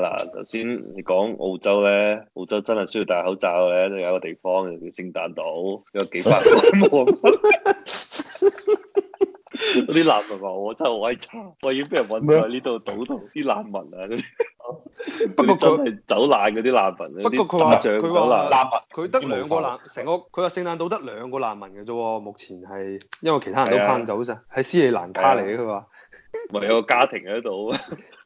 嗱，頭先你講澳洲咧，澳洲真係需要戴口罩嘅咧，都有個地方叫做聖誕島，有幾百個，嗰啲難民啊，我真係好閪差，我要俾人揾喺呢度堵到啲難民啊！不過佢走難嗰啲難民，不過佢話佢難民，佢得兩個難，成個佢話聖誕島得兩個難民嘅啫喎，目前係因為其他人都返走曬，喺斯里蘭卡嚟嘅佢話，我哋、啊、 有個家庭喺度。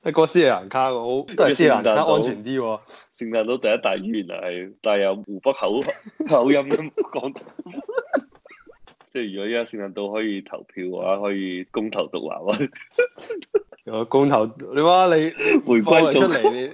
一個斯里蘭卡好，都係斯里蘭卡安全啲。聖誕島第一大語言係，但係有湖北口口音咁講。 即係如果依家聖誕島可以投票嘅話，可以公投獨立。有 公投？你話你回歸咗嚟你？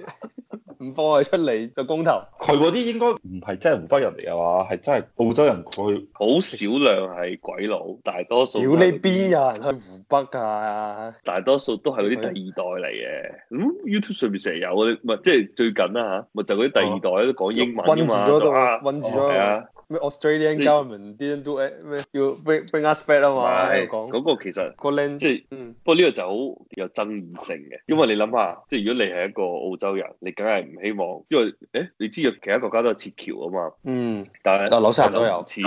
唔放佢出嚟就公投，佢嗰啲應該唔係真係湖北人嚟嘅話，係真係澳洲人。佢好少量係鬼佬，大多數屌你邊有人去湖北噶，大多數都係嗰啲第二代嚟嘅。咁、嗯、YouTube 上面成日有，唔係即係最近啦吓咪就嗰、是、啲第二代、啊、都講英文㗎嘛，韞住咗度，韞、啊、住咗。啊 Australian government didn't do it 咩？要 bring bring us back 啊嘛，喺度講嗰個其實個 land 即係嗯，不過呢個就好有爭議性嘅，因為你諗下，即係如果你係一個澳洲人，你梗係唔希望，因為誒你知其他國家都有撤僑啊嘛，嗯，但係啊紐西蘭都有撤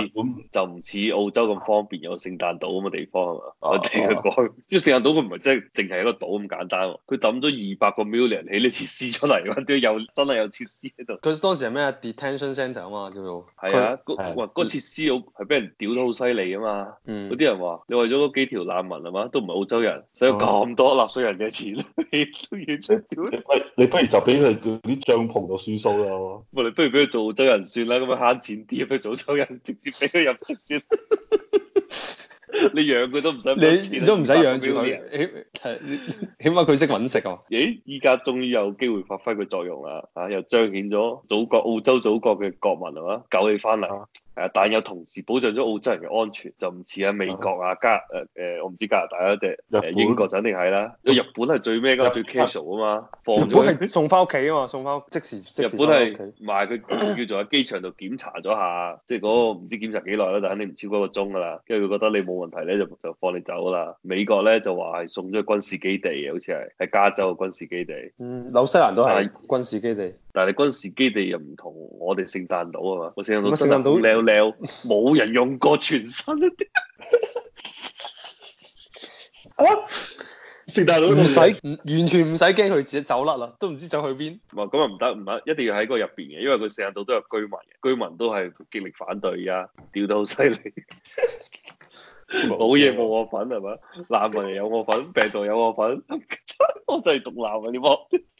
就唔似澳洲咁方便有聖誕島咁嘅地方係嘛？我聽佢講，因為聖誕島佢唔係即係淨係一個島咁簡單，佢抌咗二百個 million 起呢設施出嚟，啲有真係有設施喺度。佢當時係咩 detention centre 啊嘛叫做係啊。哇！嗰個設施好係俾人屌得好犀利啊嘛！嗰啲、嗯、人話：你為咗嗰幾條難民係嘛？都唔係澳洲人，使咗咁多納稅人嘅錢都完全屌！喂、啊， 你不如就俾佢嗰啲帳篷就算數啦！我 你不如俾佢做澳洲人算啦，咁樣慳錢啲，佢做收人直接俾佢入籍算。 你養佢都唔使，你都唔使養俾佢， 起起碼佢識搵食哦。咦，依家終於有機會發揮佢作用啦，吓、啊、又彰顯咗祖國澳洲祖國嘅國民係嘛？搞起翻啦。誒，但又同時保障咗澳洲人嘅安全，就唔似喺美國啊、嗯、加誒誒、呃，我唔知加拿大啊，定、呃，本英國就肯定係啦。因為日本係最咩嘅，本最 casual 啊嘛，放咗係送翻屋企啊嘛，送翻即時即時。即時日本係咪佢叫做喺機場度檢查咗下，即係嗰個唔知檢查幾耐啦，但肯定唔超過一個鐘噶啦。跟住佢覺得你冇問題咧，就就放你走啦。美國咧就話係送咗去軍事基地，好似係喺加州嘅軍事基地。嗯，紐西蘭都係但 軍事基地。但係嗰陣時基地又唔同我哋聖誕島啊嘛，我聖誕島真係咁撩撩，冇人用過全身一、啊、啲。聖誕島唔使完全唔使驚佢自己走甩啦，都唔知走去邊。咁啊唔得唔得，一定要喺個入邊嘅，因為佢聖誕島都有居民，居民都係極力反對啊，屌得好犀利。冇嘢冇我份係嘛，男嘅有我份， 病毒有我份， 我真係毒男啊你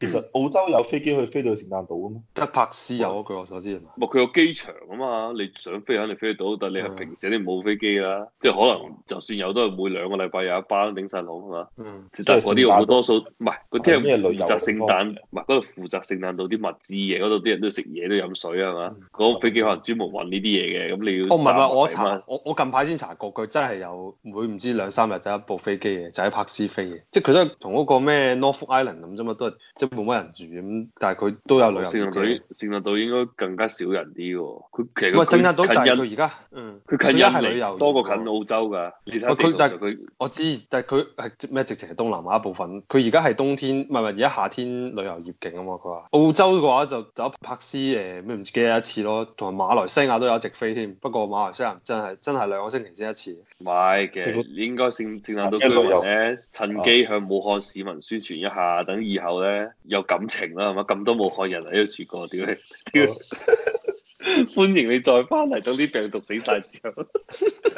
其實澳洲有飛機可以飛到聖誕島嘅咩？得柏斯有，據我所知，唔係佢有機場啊嘛，你想飛肯定飛得到，但係你係平時你冇飛機㗎啦，即係可能就算有都係每兩個禮拜有一班，頂晒腦係嘛？嗯，但係啲好多數唔係，佢咩旅遊負責聖誕，唔係嗰度負責聖誕島啲物資嘅，嗰度啲人都食嘢、都飲水係嘛？嗰個飛機可能專門運呢啲嘢嘅，咁你要哦唔係唔係我查我我近排先查過，佢真係有每唔知兩三日就一部飛機嘅，就喺柏斯飛嘅，即係佢都係同嗰個咩 Norfolk 咁啫嘛，都係即係冇乜人住咁，但係佢都有旅遊業。聖誕島，聖誕島應該更加少人啲喎。佢其實佢他近因，但到而家，嗯，佢他近一係旅遊多過近澳洲㗎。佢、嗯，但係佢他我知，但係佢係咩？直情係東南亞一部分。佢而家係冬天，唔係唔係，而家夏天旅遊業勁啊嘛。佢話澳洲嘅話就走柏斯，誒咩唔記得一次咯，同埋馬來西亞都有直飛添。不過馬來西亞真係真係兩個星期先一次。唔係嘅，個實應該聖聖誕島居民咧趁機向武漢市民宣傳一下。哦。等以後咧有感情啦，係咪咁多武漢人喺度住過？屌咧？啊、 歡迎你再翻嚟，等啲病毒死晒之後。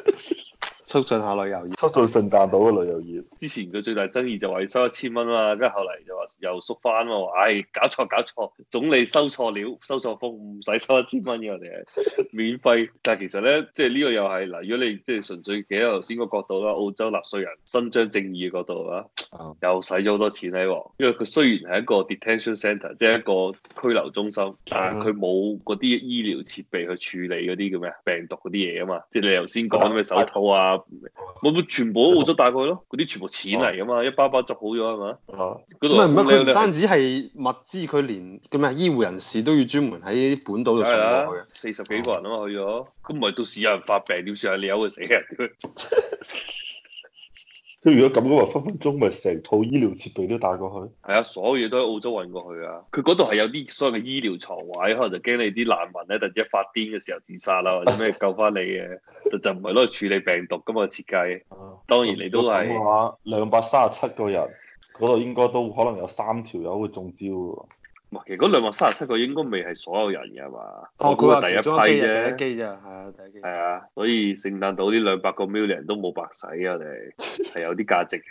促進下旅遊業，促進聖誕島嘅旅遊業。之前佢最大爭議就話要收一千蚊啦，跟住後嚟就話又縮翻喎，唉、哎、搞錯搞錯，總理收錯料，收錯風，唔使收一千蚊嘅，你係免費。 但係其實咧，即係呢個又係嗱，如果你即係純粹企喺頭先個角度啦，澳洲納稅人伸張正義嘅角度啊，又使咗好多錢喺喎，因為佢雖然係一個 detention center，即係一個拘留中心，但係佢冇嗰啲醫療設備去處理嗰啲叫咩病毒嗰啲嘢啊嘛，即係你頭先講嘅手套啊。啊啊我全部都攞咗帶過去咯，嗰啲全部錢嚟噶嘛，啊、一包包執好咗，係嘛？唔係唔係，佢唔單止係物資，佢連叫咩醫護人士都要專門喺本島度送過去啊，四十幾個人啊嘛去咗，咁咪、啊、到時有人發病點算啊？你有佢死啊？ 如果咁嘅話，分分鐘咪成套醫療設備都帶過去。係啊，所有嘢都喺澳洲運過去啊。佢嗰度係有啲所謂嘅醫療床位，可能就驚你啲難民咧，或者突然發癲嘅時候自殺啦，或者咩救翻你嘅，就唔係攞去處理病毒噶嘛設計。 當然你都係話兩百三十七個人，嗰度應該都可能有三條友會中招喎。哇！其實嗰兩百三十七個應該未係所有人嘅係嘛？哦、我估係第一批嘅。第一機啫，係啊，第一機。係啊，所以聖誕島呢兩百個 million 都冇白使啊！嚟係有啲價值。嘅。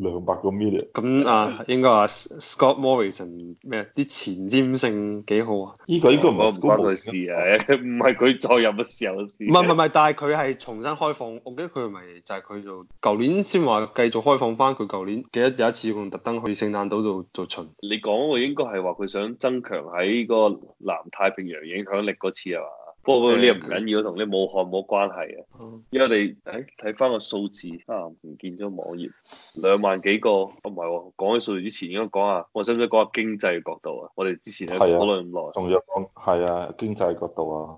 兩百個 million，咁啊，應該話，Scott Morrison 咩？啲前瞻性幾好啊？呢個應該唔係關佢事啊，唔係佢在任嘅時候嘅事、啊。唔係唔係，但係佢係重新開放。我記得佢咪就係、是、佢做，舊年先話繼續開放翻。佢舊年記得有一次佢特登去聖誕島度做巡。你講我應該係話佢想增強喺個南太平洋影響力嗰次係嘛？不過呢個唔緊要，同、嗯、你武漢冇關係嘅。嗯、因為我哋誒睇翻個數字啊，唔見咗網頁，兩萬幾個。唔、啊、係，講起數字之前，應該講下，我使唔使講下經濟角度啊？我哋之前講咗咁耐，同樣講係啊，經濟角度啊。